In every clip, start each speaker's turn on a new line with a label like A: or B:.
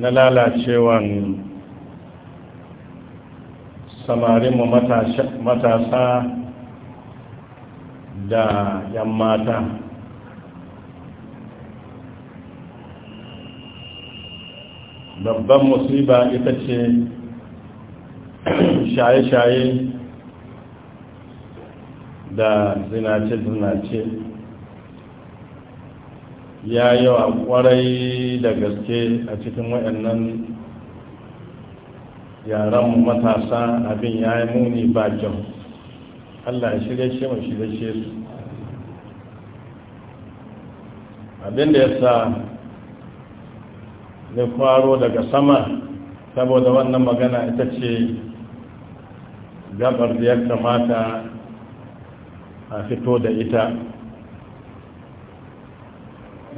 A: na lalacewan samarinmu matasa da yan mata babban musiba ita ce shaye-shaye da zinace-zinace ya yawa kwarai da gaske a cikin waɗannan yaran matasa abin ya yi muni ba kyau allah ya shirya ce mai shirya su abin da ya sa zai kwaro daga sama saboda wannan magana ita ce gabar da ya kamata a fito da ita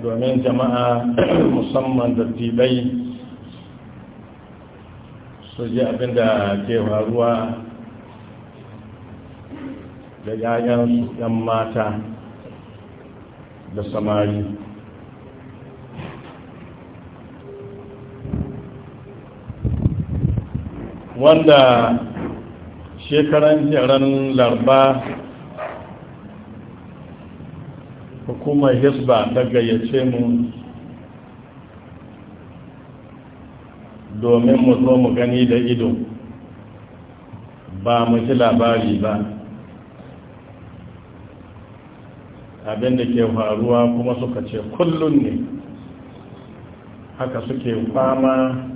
A: domin jama'a musamman dattibai su ji abinda ke faruwa da 'ya'yansu 'yan mata da samari wanda shekaran jiran larba kuma hisba ta gayyace mu domin mu zo mu gani da ido ba mu ji labari ba abin da ke faruwa kuma suka ce kullum ne haka suke fama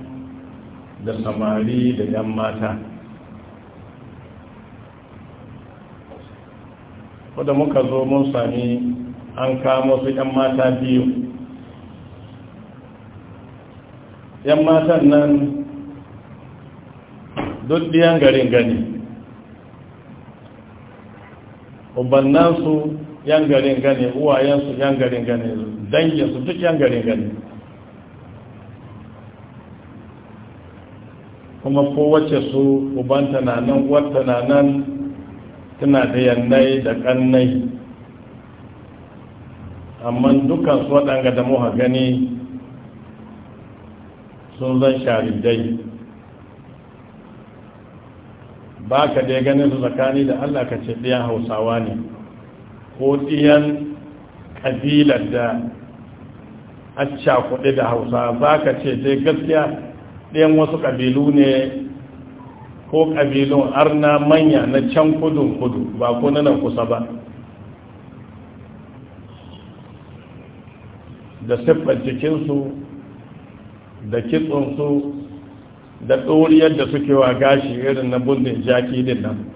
A: da samari da 'yan mata wadda muka zo mun sami an kamo su 'yan mata biyu 'yan matan nan duk diyan garin gani ubannansu 'yan garin gani uwayensu 'yan garin gani danginsu duk 'yan garin gani kuma kowace su ubanta na nan wata na nan tana da yannai da kannai amma dukkan su waɗanga da muka gani sun zan sharidai ba ka dai ganin su tsakani da allah ka ce ɗiyan hausawa ne ko ɗiyan ƙabilar da acca kuɗi da hausa ba ka ce dai gaskiya ɗiyan wasu ƙabilu ne ko ƙabilun arna manya na can kudun kudu ba ko na nan kusa ba da siffar jikinsu da kitsunsu da ɗoriyar da suke wa gashi irin na bundin jaki din nan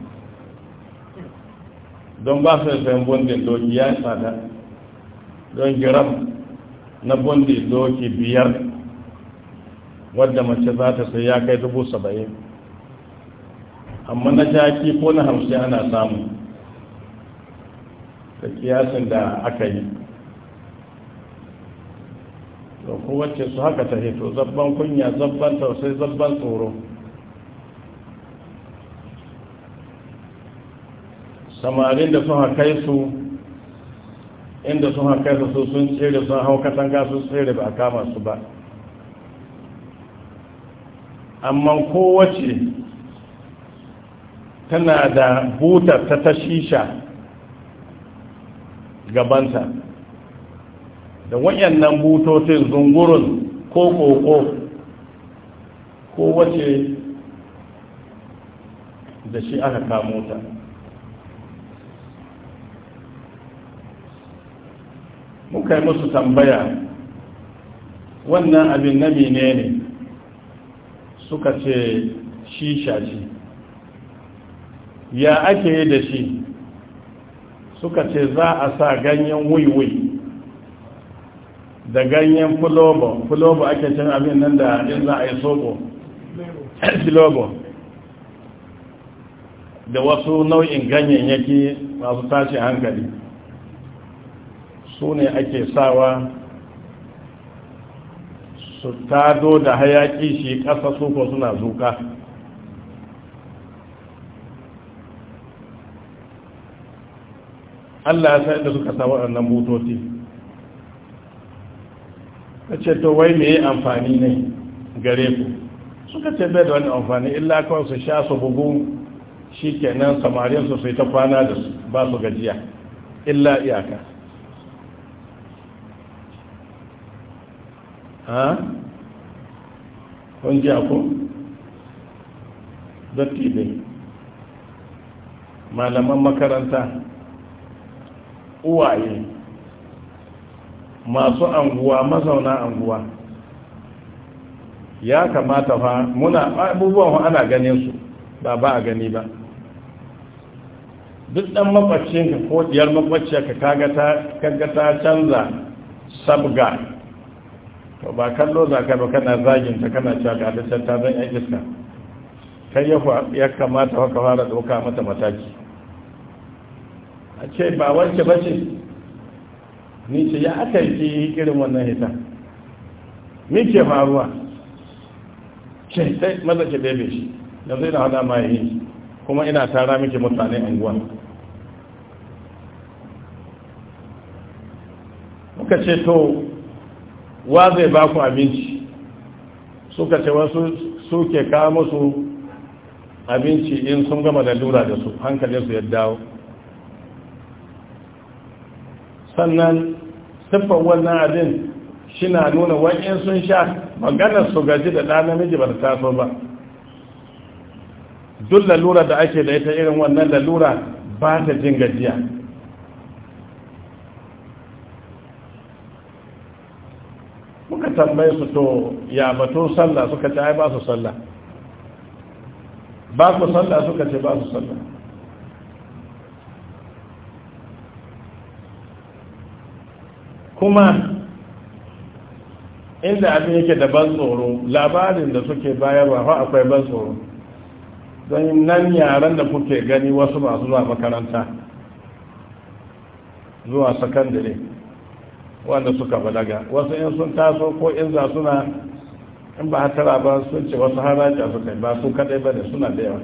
A: don ba su sayan bundin doki ya tsada don giram na bundin doki biyar wadda mace za ta sai ya kai dubu saba'in amma na jaki ko na hamsin ana samu da kiyasin da aka yi kowace su haka ta hito zabban kunya zabban tausai zabban tsoro samarin da sun kai su inda suka kai su sun tsere sun hau katanga sun tsere ba a kama su ba amma kowace tana da butar ta tashisha gabanta da wayannan butocin zungurun ko koko ko wace da shi aka kamo ta muka yi musu tambaya wannan abin na ne ne suka ce shi shashi ya ake da shi suka ce za a sa ganyen wuiwui da ganyen fulobo fulobo ake cin abin nan da in za a yi soko fulobo da wasu nau'in ganyayyaki masu tashi hankali su ne ake sawa su tado da hayaki shi ƙasa suko suna zuka allah ya sa inda suka sa waɗannan butoci ta ce to wai me amfani ne gare ku suka ce bai da wani amfani illa kawai su sha su bugu shi kenan samarin su sai ta kwana da su ba su gajiya illa iyaka ha? kun ji datti ne malaman makaranta uwaye masu anguwa mazauna anguwa ya kamata fa muna abubuwan ana ganin su ba ba a gani ba duk dan makwacin ka ko diyar makwacin ka kaga ta kaga ta canza sabga to ba kallo za ka ba kana zagin ta kana cewa ga ta ta zan yi iska kai ya ya kamata ka fara ɗauka mata mataki a ce ba wance bace ni ce ya aka yi irin wannan hita me ke faruwa ce sai maza ke bebe shi yanzu ina hada ma yi kuma ina tara miki mutane unguwa muka ce to wa zai ba ku abinci suka ce wasu suke kawo musu abinci in sun gama da lura da su hankalinsu ya dawo sannan siffar wannan abin shi na nuna wa'in sun sha maganar su gaji da ɗan namiji ba ta taso ba duk lalura da ake da ita irin wannan lalura ba ta jin gajiya muka tambaye su to ya batun sallah suka ce ai ba su sallah ba ku sallah suka ce ba su sallah kuma inda abin yake da ban tsoro labarin da suke bayarwa fa akwai ban tsoro don nan yaren da kuke gani wasu masu zuwa makaranta zuwa sakandare wanda suka balaga wasu in sun taso ko in za suna in ba hatara ba sun ce wasu haraja suka ba su kadai ba da suna da yawa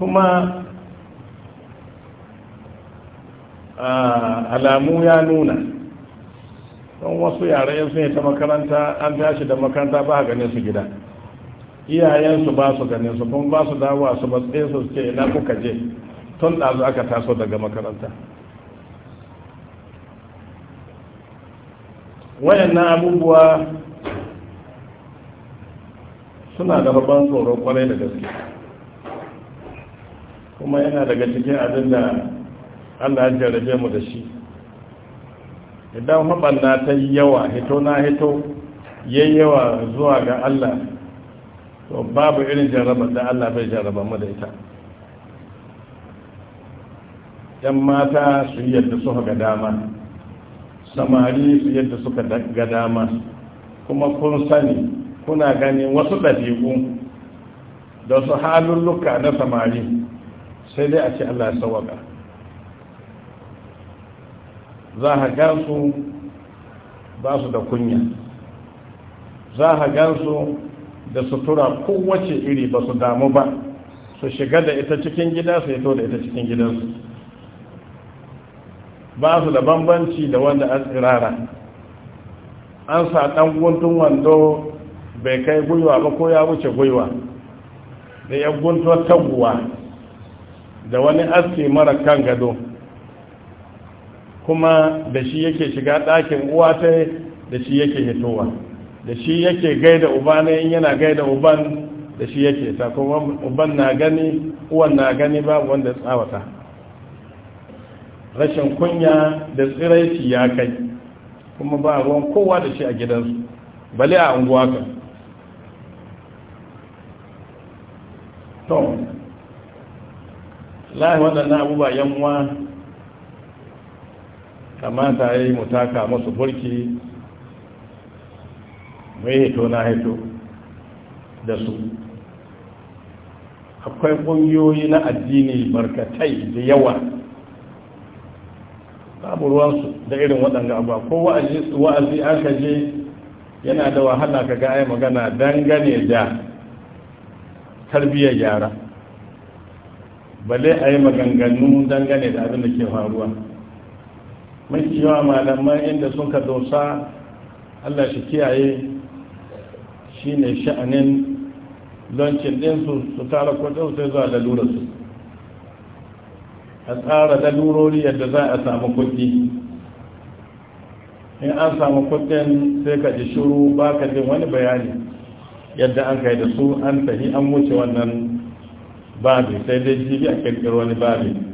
A: kuma Ah, alamu ya nuna don wasu yare yin sun yi ta makaranta an tashi da makaranta ba a ganin su gida iyayensu ba su ganin su kuma ba su dawowa su tsaye su ce ina kuka je tun ɗazu aka taso daga makaranta wayannan abubuwa suna da babban tsoron kwarai da gaske kuma yana daga cikin abin da allah ya jarabe mu da shi idan haɓanna ta yi yawa hito na hito yayi yawa zuwa ga allah to babu irin jarabar da allah bai jaraba mu da ita yan mata su yadda suka ga dama samari su yadda suka ga dama kuma kun sani kuna ganin wasu ɗabi'u da su halulluka na samari sai dai a ce allah ya sawaka za a gansu ba su da kunya za a gansu da sutura kowace iri ba su damu ba su shiga da ita cikin gida su yato da ita cikin gidansu ba su da bambanci da wanda an tsirara an sa ɗan guntun wando bai kai gwiwa ba ko ya wuce gwiwa da ya guntun taguwa da wani aske mara kan gado kuma da shi yake shiga ɗakin uwa ta da shi yake hitowa da shi yake gaida uba ne yin yana gaida uban da shi yake ta kuma uban na gani uwan na gani babu wanda tsawata rashin kunya da tsiraici ya kai kuma ba ruwan kowa da shi a gidansu bale a unguwa ka to lahi waɗannan abubuwa yanwa kamata ya yi mu masu burki mai hito na hito da su akwai ƙungiyoyi na addini barkatai da yawa babu ruwansu da irin waɗanda abuwa ko wa'azi aka je yana da wahala ka ga ai magana dangane da tarbiyyar yara bale a yi maganganu dangane da abin da ke faruwa mafi yawa malaman inda sun ka dosa allah shi kiyaye shi ne sha'anin lancin ɗinsu su tara kudin sai zuwa lalurarsu a tsara lalurori yadda za a samu kuɗi in an samu kuɗin sai ka ji shuru ba ka jin wani bayani yadda an kai da su an tafi an wuce wannan babi sai dai jibi a kirkiro wani babi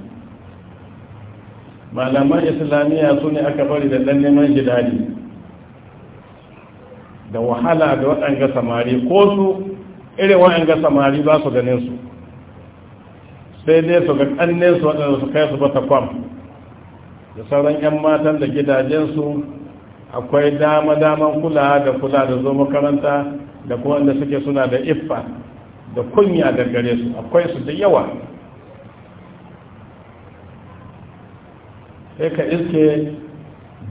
A: malaman islamiyya su ne aka bari da ɗan neman gidaje da wahala da waɗanga samari ko su irin waɗanga samari ba su ganin su sai dai su ga ƙannen su waɗanda su kai su bata kwam da sauran 'yan matan da gidajensu akwai dama-daman kula da kula da zo makaranta da kuma wanda suke suna da iffa da kunya da gare su akwai su da yawa sai ka iske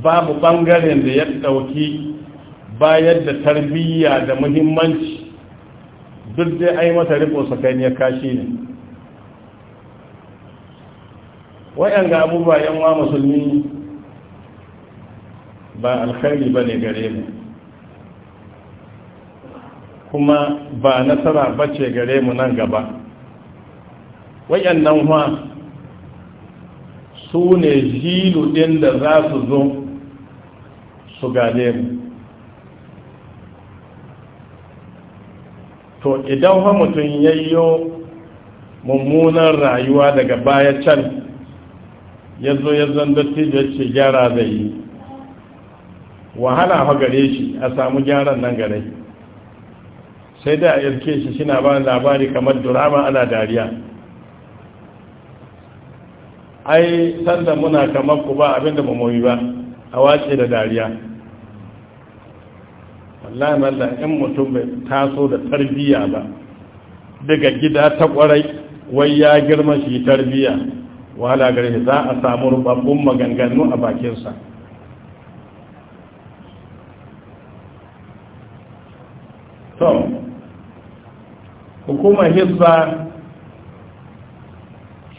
A: babu bangaren da ya ɗauki bayar da tarbiyya da muhimmanci duk dai ai mata riko sakani ya kashi ne ga abubuwa yan wa musulmi ba alkhairi ba gare mu kuma ba nasara bace gare mu nan gaba waɗannan wa su ne zilu ɗin da za su zo su gane mu to idan fa mutum yayyo mummunan rayuwa daga baya can ya zo ya ya ce gyara zai yi wahala a gare shi a samu gyaran nan gare sai da a irke shi shina ba labari kamar durama ana dariya ai sanda muna kamar ku ba abinda ba mu yi ba a wace da dariya Allah malla in mutum bai taso da tarbiyya ba daga gida ta kwarai wai ya girma shi tarbiyya wala gare za a samu rubabbun maganganu a bakinsa to hukumar hizba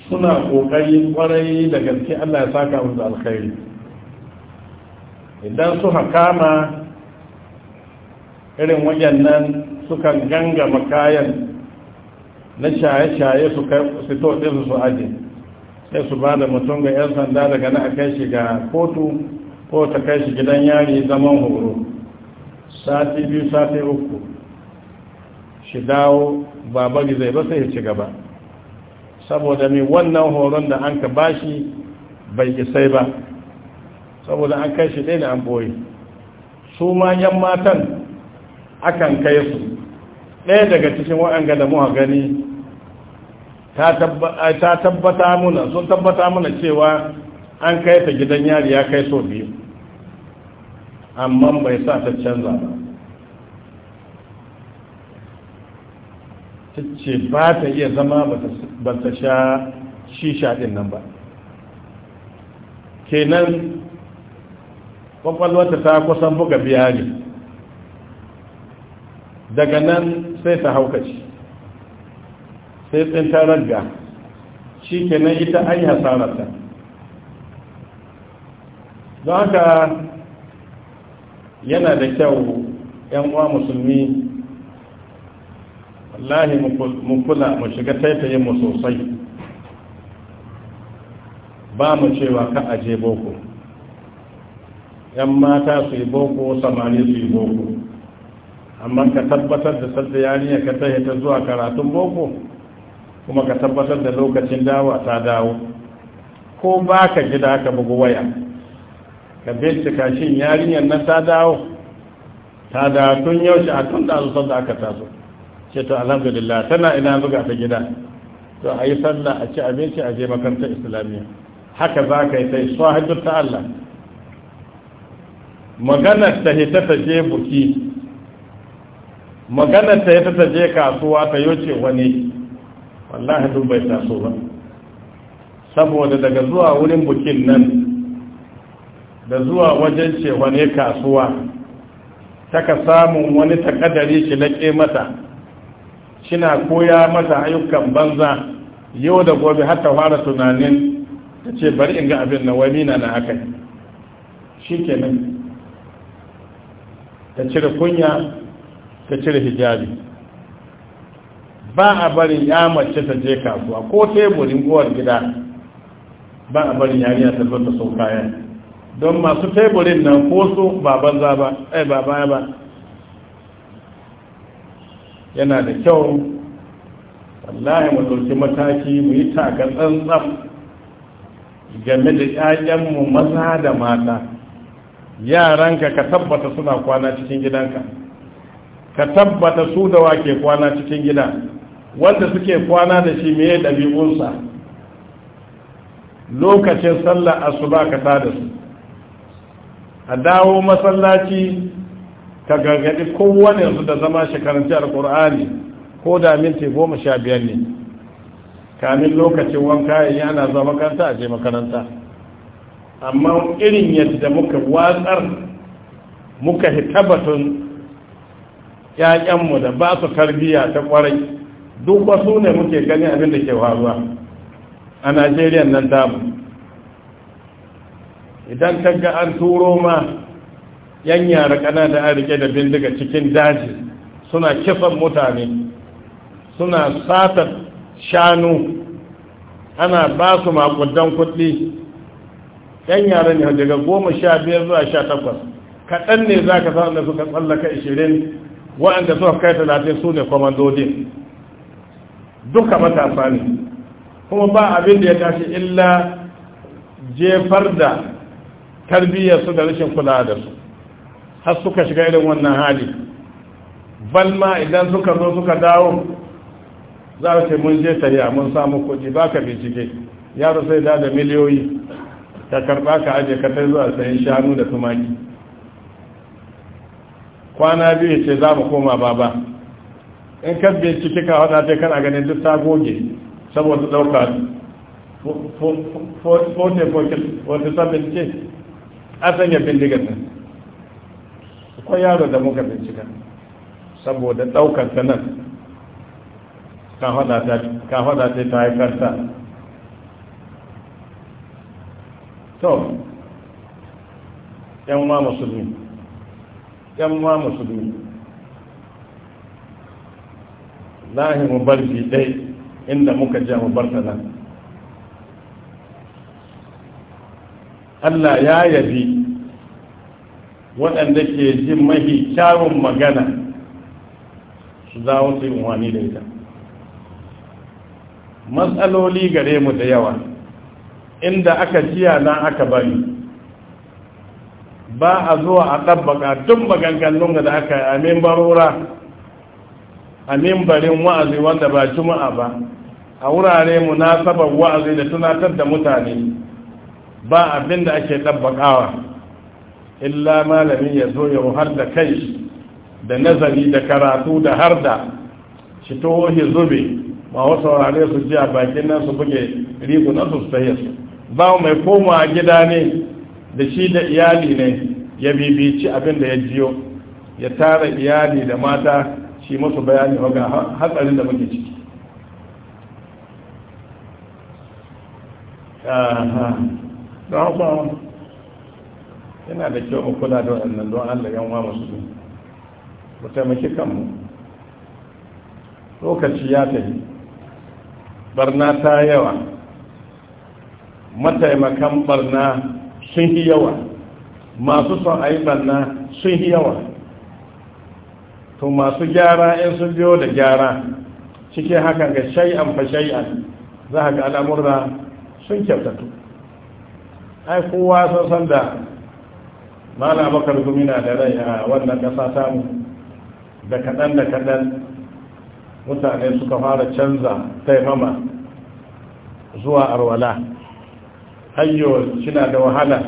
A: suna kokari kwarai da gaske Allah ya saka musu alkhairi idan su kama irin wayannan suka gangama kayan na shaye-shaye su fito ɗinsu su aji sai su ba mutum ga 'yan sanda daga na kai shi ga kotu ko ta kai shi gidan yari zaman horo sati biyu sati uku shi dawo babari zai ba sai ya ci gaba saboda mai wannan horon da an ka bashi bai isai ba saboda an kai shi ɗaya da an boye su ma matan akan kai su ɗaya daga cikin wa'anga da muka gani ta tabbata muna sun tabbata muna cewa an kai ta gidan yari ya kai so biyu amma bai sa ta canza ba ta ce ba ta iya zama ba ta sha shisha din nan ba kenan kwakwalwata ta kusan buga biya ne daga nan sai ta haukaci sai ta raga shi kenan ita an yi hasararta don haka yana da kyau 'yan uwa musulmi wallahi mu kula mu shiga taitayin mu sosai ba mu cewa ka aje boko yan mata su yi boko samari su yi boko amma ka tabbatar da sadda yariya ka tahe ta zuwa karatun boko kuma ka tabbatar da lokacin dawa ta dawo ko ba ka gida ka bugu waya ka bincika shin yarinyar na ta dawo ta da tun yaushe a tun da da aka taso ce to alhamdulillah tana ina buga ta gida to a yi sallah a ci abinci a je makarantar islamiyya haka za ka yi sai shahidar ta Allah maganar ta hita ta je buki maganar ta yi ta je kasuwa ta ce wani wallahi duk bai taso ba saboda daga zuwa wurin bukin nan da zuwa wajen ce wani kasuwa ka samun wani takadari shi laƙe mata kina koya mata ayyukan banza yau da gobe har ta fara tunanin ta ce bari in ga abin na wani na na haka shi kenan ta cire kunya ta cire hijabi ba a bari ya mace ta je kasuwa ko teburin kowar gida ba a bari yariya ta zo ta sau kayan don masu teburin nan ko su ba banza ba ai eh, ba baya ba yana da kyau wallahi mu ɗauki mataki mu yi taka tsantsan game da 'ya'yanmu maza da mata yaranka ka tabbata suna kwana cikin gidanka ka tabbata su da wake kwana cikin gida wanda suke kwana da shi mai ɗabi'unsa lokacin sallar asuba ka tada su a dawo masallaci ka gargaɗi kowane yanzu da zama shekarun jihar ƙur'ani ko da minti goma sha biyar ne kamin lokacin wanka yana ana zuwa makaranta a je makaranta amma irin yadda muka watsar muka hitabatun ƴaƴanmu da ba su tarbiyya ta kwarai duk wasu ne muke gani abin da ke faruwa a najeriya nan damu idan ka ga an turo ma yan yara da an rike da bindiga cikin daji suna kisan mutane suna sata shanu ana ba su makudan kuɗi yan yara ne daga goma sha biyar zuwa sha takwas kaɗan ne za ka da suka tsallaka ishirin waɗanda suka kai talatin su ne kwamandodin duka matasa ne kuma ba abin da ya tashi illa jefar da su da rashin kula da su har suka shiga irin wannan hali balma idan suka zo suka dawo za su mun je tariya mun samu kuɗi ba ka bincike yaro sai da da miliyoyi ka karɓa ka aje ka tai zuwa sayan shanu da tumaki kwana biyu ce za mu koma baba in ka bincike ka wata ce kana ganin duk ta goge saboda ɗauka wata sabbin ce a sanya bindigar nan akwai yaro da muka bincika saboda ɗaukar ta nan ka faɗa ta ta haifar ta to yan ma musulmi yan ma musulmi lahi mu bar bi dai inda muka je mu bar ta nan Allah ya yabi waɗanda ke jin mahi kyawun magana su za su yi umarni da ita matsaloli gare mu da yawa inda aka jiya na aka bari ba a zuwa a ɗabbaka tun maganganun da aka yi a mimbarora a mimbarin wa'azi wanda ba juma'a ba a wurare mu na munasabar wa'azi da tunatar da mutane ba abin da ake ɗabbakawa illa malamin ya zo ya wahar da kai da nazari da karatu da harda, da shi to zube ma wasu wurare su ji a bakin nan su buge rigunan su su su ba mai koma gida ne da shi da iyali ne ya bibici abin da ya jiyo ya tara iyali da mata shi musu bayani ga hatsarin da muke ciki yana da kyau mu kula da wannan don Allah yan wa musu mu taimaki kanmu lokaci ya tafi barna ta yawa mataimakan barna sun yi yawa masu son a barna sun yi yawa to masu gyara in sun biyo da gyara cike haka ga shay'an fa shay'an za ga al'amurra sun kyautatu ai kowa sun san da mala bakar gumina da rai a wannan ƙasa samu da kaɗan da kaɗan mutane suka fara canza taimama zuwa arwala hanyo suna da wahala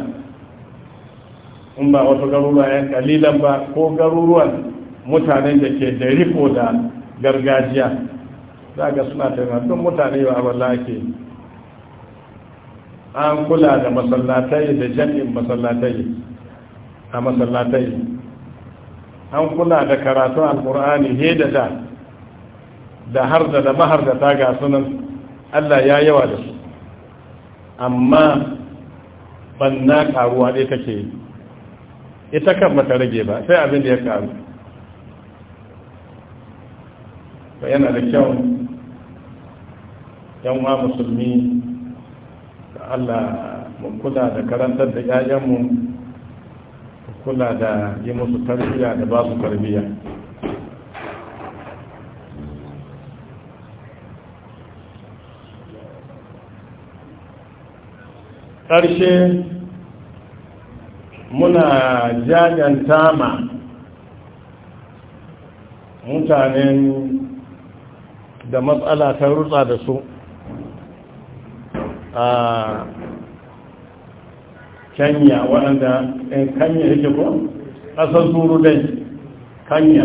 A: in ba wasu garuruwa yan kalilan ba ko garuruwan mutanen da ke da riko da gargajiya za ga suna taimakon mutane ba arwala ke an kula da masallatai da jami'in masallatai a masallatai an kula da karatun alkur'ani he da da da har da da mahar da ta ga sunan allah ya yawa da su amma banna karuwa dai take yi ita kan mata rage ba sai abin da ya karu ba yana da kyau yan wa musulmi da allah mun kula da karantar da 'ya'yanmu kula da yi musu tarbiyya da ba su tarbiyya ƙarshe muna jajanta ma mutanen da matsala ta rutsa da su ah, kanya waɗanda eh, kanya yake ko ƙasar turu dai kanya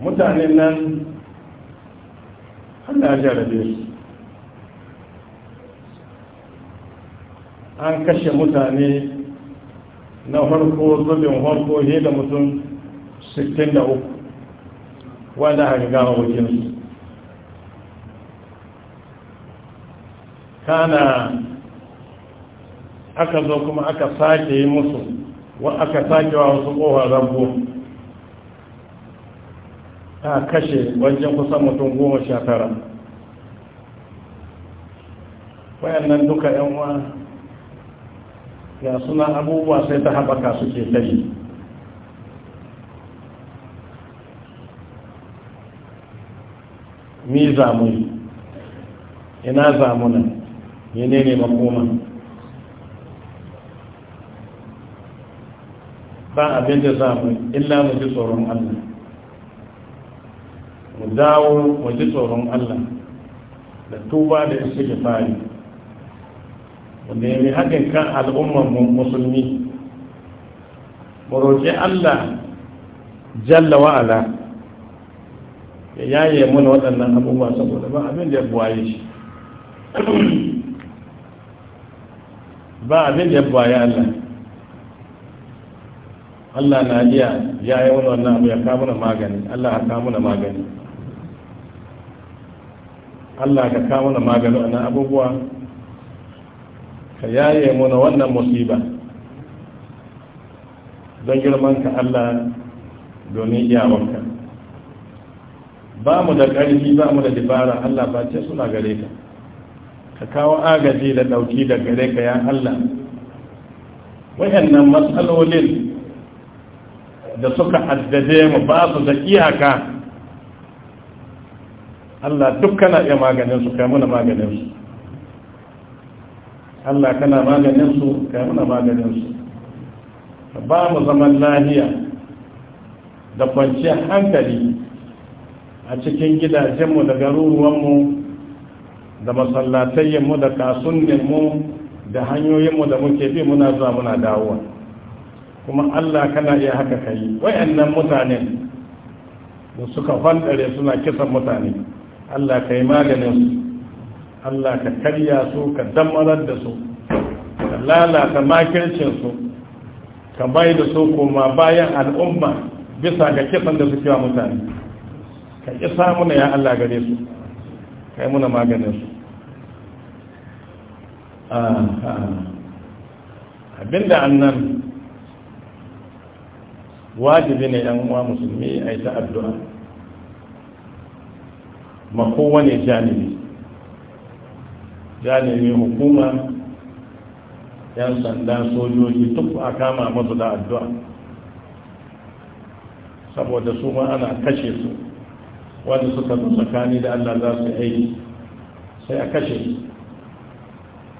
A: mutanen nan allah jarabe su an kashe mutane na farko zubin farko he da mutum 63 wanda haka wajen su. kana aka zo kuma aka sake yi musu wa aka sake wa wasu ƙohon rambo ta kashe wajen kusan mutum goma sha tara wayannan duka yanwa ya suna abubuwa sai ta haɓaka suke tashi mi zamuni ina zamunan menene makoma ba abin da za mu illa mu ji tsoron Allah mu dawo mu ji tsoron Allah da tuba da fari mu nemi haɗin kan al'ummar musulmi mu roƙi Allah jalla wa'ala ya yaye mana waɗannan abubuwa saboda ba abin da ya buwaye shi ba abin da ya Allah Allah na iya ya yi wani wannan abu ya kawo na magani Allah ya kawo na magani Allah ka kawo na magani wannan abubuwa ka yaye muna wannan musiba don girman ka Allah domin iyawarka ba mu da ƙarfi ba mu da dabara, Allah ba ce suna gare ka ka kawo agaji da ɗauki da gare ka ya Allah wayannan matsalolin da suka addade mu ba su da iyaka Allah duk kana iya maganin su kai muna maganin su Allah kana maganin su kai muna maganin su ba mu zaman lahiya da kwanciyar hankali a cikin gidajenmu da garuruwanmu da masallatayyanmu da kasuwanninmu da hanyoyinmu da muke bi muna zuwa muna dawowa kuma allah kana iya haka kayi wayannan mutane da suka fandare suna kisan mutane allah ka yi maganin su allah ka karya su ka damarar da su ka lalata makircinsu ka bai da su koma bayan al'umma bisa ga kisan da suke wa mutane ka isa muna ya allah gare su kai muna maganinsu abinda an nan, wajibi ne yan uwa musulmi a yi ta addu'a ma kowane janibi janibi hukuma yan sanda sojoji duk a kama masu da addu'a saboda su ma ana kashe su wanda suka zo tsakani da allah za su aiki sai a kashe su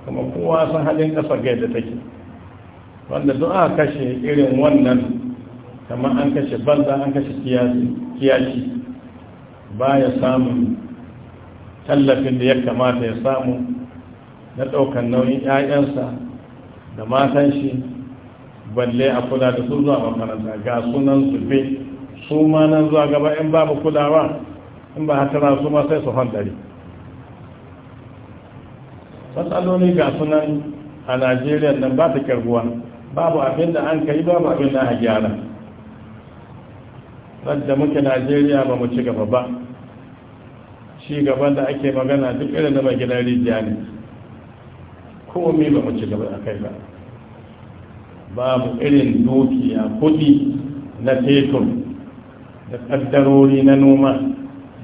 A: kuma kowa san halin ƙasar gai da take wanda duk kashe irin wannan kama an kashe banza an kashe kiyashi ba ya samun tallafin da ya kamata ya samu na ɗaukar nauyin 'ya'yansa da matan shi balle a kula da su zuwa makaranta ga sunan su su ma nan zuwa gaba in babu kulawa in ba hatara su ma sai su hantari matsaloli ga sunan a najeriya nan ba ta karbuwa babu abin da an kai babu abin da a gyara wadda muke najeriya ba mu ci gaba ba ci gaban da ake magana duk irin da mai gidan rijiya ne komi ba mu ci gaba a kai ba babu irin dukiya kudi na fetur da kaddarori na noma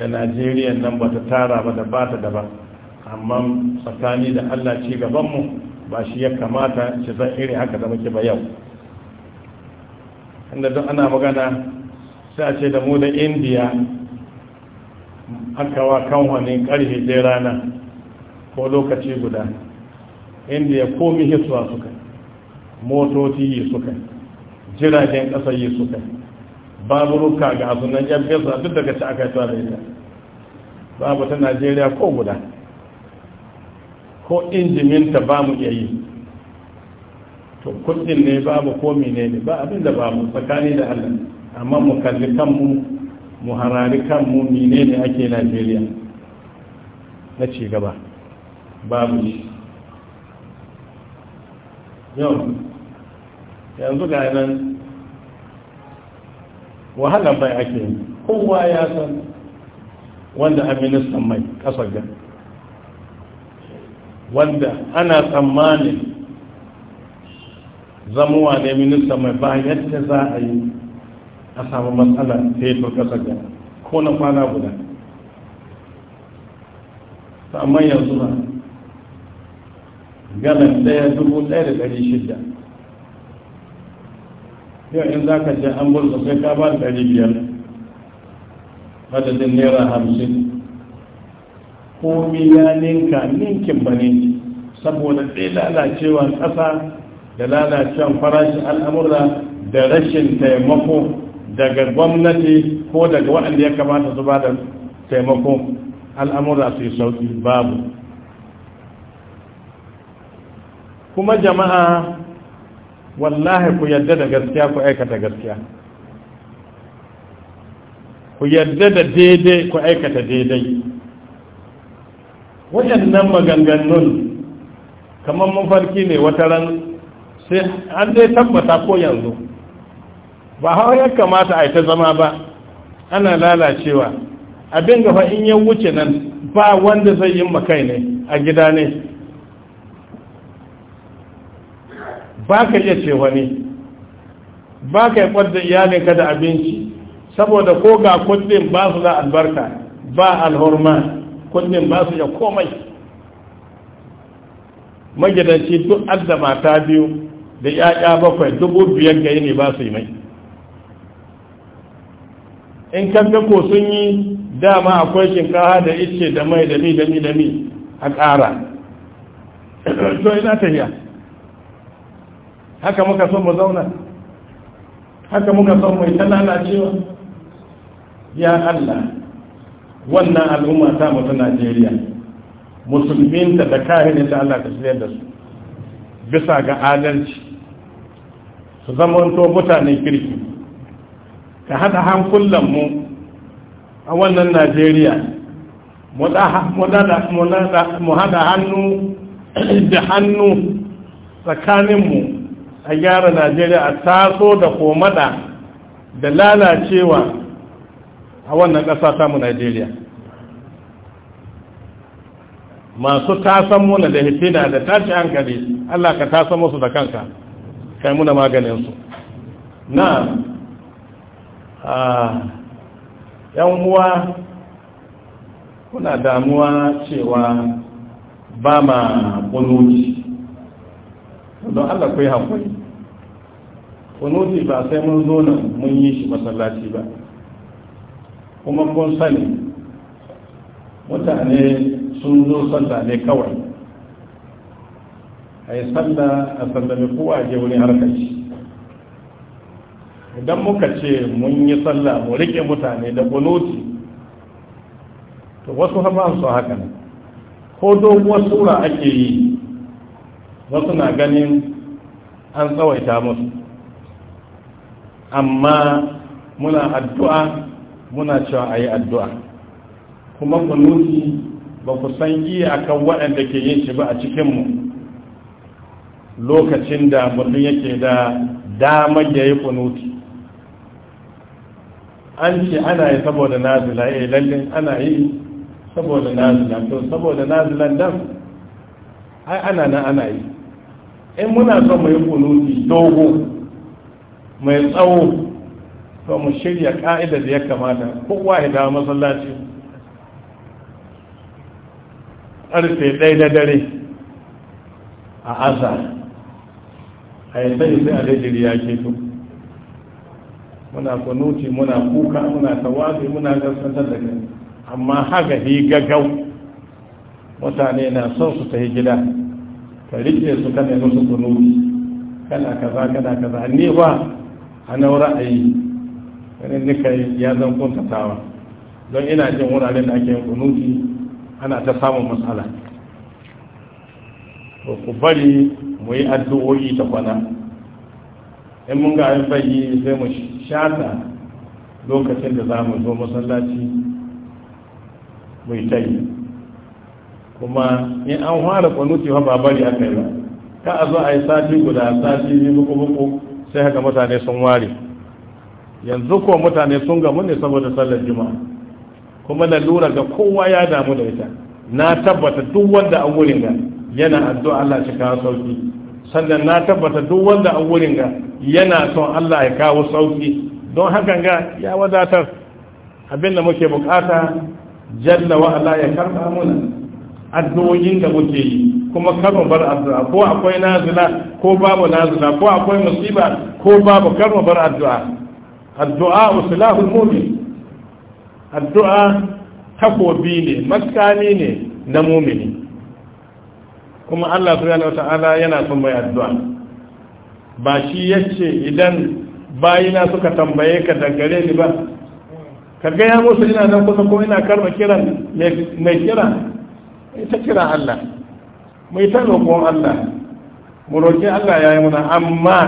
A: da najeriya nan ba ta tara ba da ba ta da ba amma tsakani da Allah ci gabanmu ba shi ya kamata shi zan iri haka da muke ba yau inda don ana magana sai a ce da mu da indiya aka wa kan wani karfe ɗaya rana ko lokaci guda indiya komi hisuwa suka motoci yi suka jiragen ƙasa yi suka baburuka ga asunan yan besa duk daga ci aka yi tsara ita babu ta najeriya ko guda ko ta ba mu iya yi to kudin ne babu ko menene ba abin da babu tsakani da allah amma mu kalli kanmu mu harari kanmu menene ake najeriya na ci gaba babu shi yau yanzu ga nan wahalar bai ake kowa ya san wanda a ministan mai kasar gani wanda ana tsammanin zamuwa ne minista mai bayan yadda za a yi a samu matsala ta yi turka da ko na kwana guda amma yanzu na galan daya dubu daya da dari shida yau in za ka ce an bursa sai ka ba da dari biyar madadin naira hamsin komi ya ninka ninkin ba ne saboda tsaye lalacewa ƙasa da lalacewar farashin al'amura da rashin taimako daga gwamnati ko daga waɗanda ya kamata su da taimako al'amura su yi sauƙi babu kuma jama'a wallahi ku yadda da gaskiya ku aikata gaskiya ku yadda da daidai ku aikata daidai waɗannan maganganun kamar mafarki ne wata ran sai an dai tabbata ko yanzu ba hawa ya kamata a yi ta zama ba ana lalacewa abin gafa in yi wuce nan ba wanda zai yi makai ne a gida ne ba ka iya ce wani ba ka yi kwadda iyalinka da abinci saboda ko ga kudin ba su da albarka ba alhurma. kullum ba su da komai magidanci duk adda mata biyu da 'ya'ya bakwai dubu biyar gari ne ba su yi mai in kan ko sun yi dama akwai shinkawa da ice da mai da mi da mi da mi a ƙara to ina ta yi haka muka son mu zauna haka muka son mai ta lalacewa ya Allah wannan al'umma ta Najeriya musulminta da kahininta Allah ta shirya da su bisa ga adalci su to mutanen kirki ka haɗa hankulanmu a wannan najeriya mu hada hannu da hannu tsakaninmu a gyara najeriya a taso da komada da lalacewa a wannan ƙasa mu najeriya masu tasan muna da hitina da tashi hankali allah ka tasan musu da kanka kai muna maganinsu na yan uwa kuna damuwa cewa ba ma kunuti don allah ku yi hankali kunuti ba sai mun zo nan mun yi shi masallaci ba kuma kun sani mutane sun zo sanda ne kawai a yi sallah a sallami kowa je wani harkar shi idan muka ce mun yi sallah mu rike mutane da gunoti to wasu su haka ne ko doguwar sura ake yi wasu na ganin an tsawaita musu amma muna addu'a muna cewa a yi addu'a kuma kunuti ba ku san akan waɗanda ke yin shi ba a cikinmu lokacin da mutum yake da damar ya yi kunuti an ce ana yi saboda nazila ya eh, lallin ana yi saboda nazila to saboda nazilan dam ai ana na ana yi in muna son mu yi kunuti dogo mai tsawo to mu shirya ka'idar da ya kamata kowa ya dawo masallaci ƙarfe ɗaya da dare a asa a yi sai sai alajiri ya ke to muna kunuti muna kuka muna tawafi muna gaskantar da kai amma haga yi gaggau mutane na son su ta yi gida ka rike su kana musu kunuti kana kaza kana kaza ni ba a na ra'ayi ganin nika ya zan kuntatawa don ina jin wuraren da ake kunuti ana ta samun matsala to ku bari mu yi addu'o'i ta kwana in mun ga an bayi sai mu shata lokacin da za mu zo masallaci mu yi ta kuma in an fara kwanuti ba bari aka yi ba ka a zo a yi sati guda sati biyu buku sai haka mutane sun ware yanzu kuwa mutane sun gamu ne saboda sallar juma'a kuma na lura ga kowa ya damu da ita na tabbata duk wanda an wurin ga yana addu'a Allah shi kawo sauki sannan na tabbata duk wanda an wurin ga yana son Allah ya kawo sauki don hakan ga ya wadatar abin da muke bukata jalla wa Allah ya karba muna addu'o'in da muke yi kuma kar bar addu'a ko akwai nazila ko babu nazila ko akwai musiba ko babu kar bar addu'a addu'a usulahul mumin addu'a takobi ne makami ne na mumini kuma Allah subhanahu wata'ala yana son mai addu'a ba shi yace idan bayina suka tambaye ka dangare ni ba ka gaya musu ina nan kusa ko ina karba kiran mai kira ita kira Allah mai ta roƙon Allah mu roƙi Allah ya yi muna amma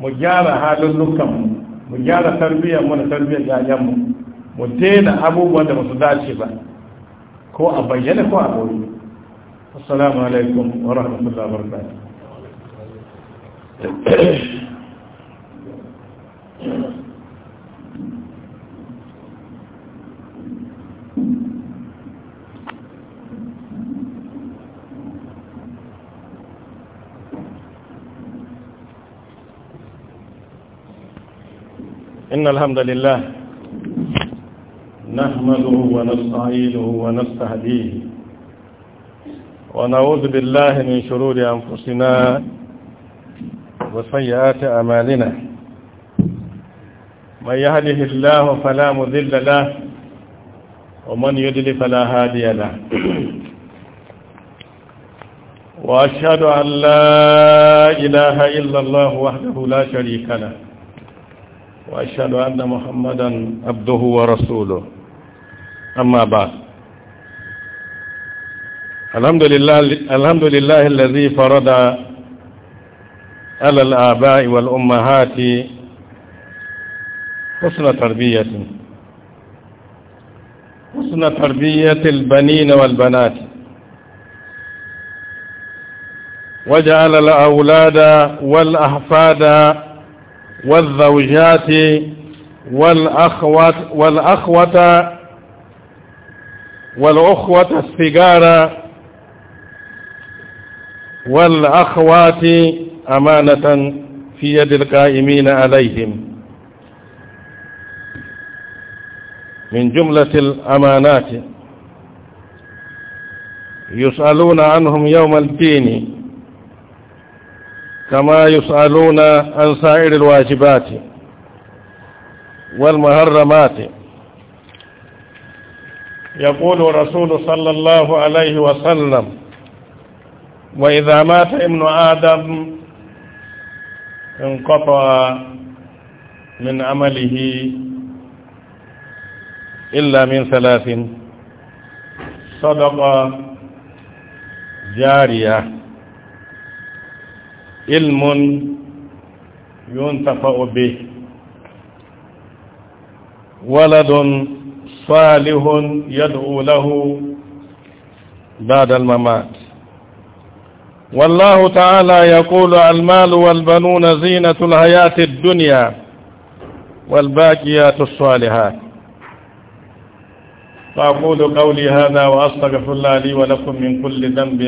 A: mu gyara halin mu. mu gyara tarbiyyar mu da tarbiyyar yayanmu mu daina abubuwan da masu dace ba ko a bayyana ko a ɓoye assalamu alaikum wa rahmatullahi wa barakatuh إن الحمد لله نحمده ونستعينه ونستهديه ونعوذ بالله من شرور أنفسنا وسيئات أمالنا من يهده الله فلا مذل له ومن يدل فلا هادي له وأشهد أن لا إله إلا الله وحده لا شريك له وأشهد أن محمدا عبده ورسوله أما بعد الحمد لله الحمد لله الذي فرض على الآباء والأمهات حسن تربية حسن تربية البنين والبنات وجعل الأولاد والأحفاد والزوجات والأخوة, والأخوة والأخوة السجارة والأخوات أمانة في يد القائمين عليهم من جملة الأمانات يسألون عنهم يوم الدين كما يسألون عن سائر الواجبات والمحرمات يقول رسول صلى الله عليه وسلم وإذا مات ابن آدم انقطع من عمله إلا من ثلاث صدقة جارية علم ينتفع به ولد صالح يدعو له بعد الممات والله تعالى يقول المال والبنون زينة الحياة الدنيا والباقيات الصالحات فأقول قولي هذا وأستغفر الله لي ولكم من كل ذنب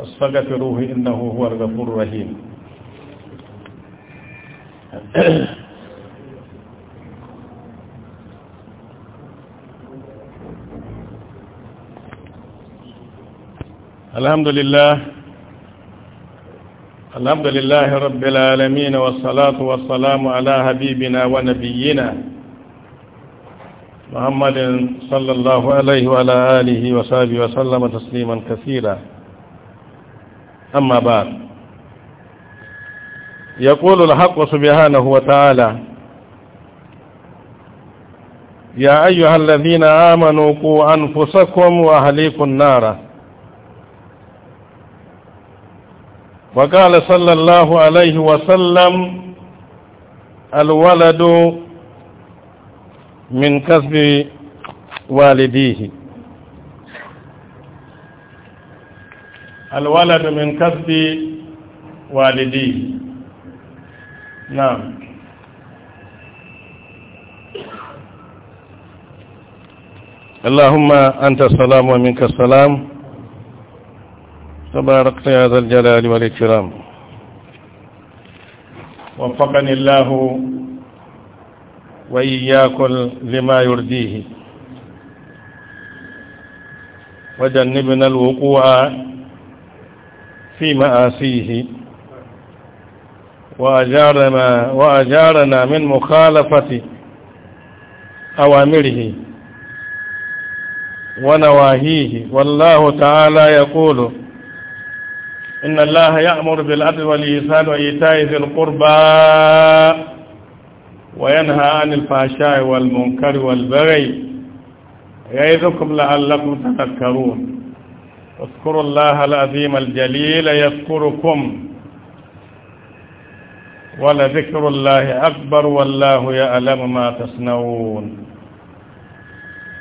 A: فاستغفروه إنه هو الغفور الرحيم الحمد لله الحمد لله رب العالمين والصلاة والسلام على حبيبنا ونبينا محمد صلى الله عليه وعلى آله وصحبه وسلم تسليما كثيرا أما بعد يقول الحق سبحانه وتعالى يا أيها الذين آمنوا قوا أنفسكم وأهليكم نارا وقال صلى الله عليه وسلم الولد من كسب والديه الولد من كسب والديه نعم اللهم أنت السلام ومنك السلام تبارك يا ذا الجلال والإكرام وفقني الله وإياكم لما يرضيه وجنبنا الوقوع في مآسيه وأجارنا, وأجارنا من مخالفة أوامره ونواهيه والله تعالى يقول إن الله يأمر بالعدل والإيسان وإيتاء ذي القربى وينهى عن الفحشاء والمنكر والبغي يعظكم لعلكم تذكرون اذكروا الله العظيم الجليل يذكركم ولذكر الله أكبر والله يعلم ما تصنعون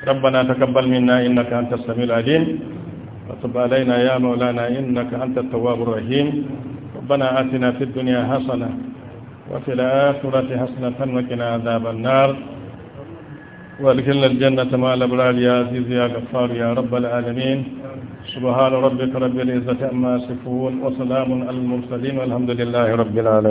A: ربنا تقبل منا إنك أنت السميع العليم وتب علينا يا مولانا إنك أنت التواب الرحيم ربنا آتنا في الدنيا حسنة وفي الآخرة حسنة وقنا عذاب النار وادخلنا الجنة مع الأبرار يا عزيز يا غفار يا رب العالمين سبحان ربك رب العزة أما يصفون وسلام على المرسلين والحمد لله رب العالمين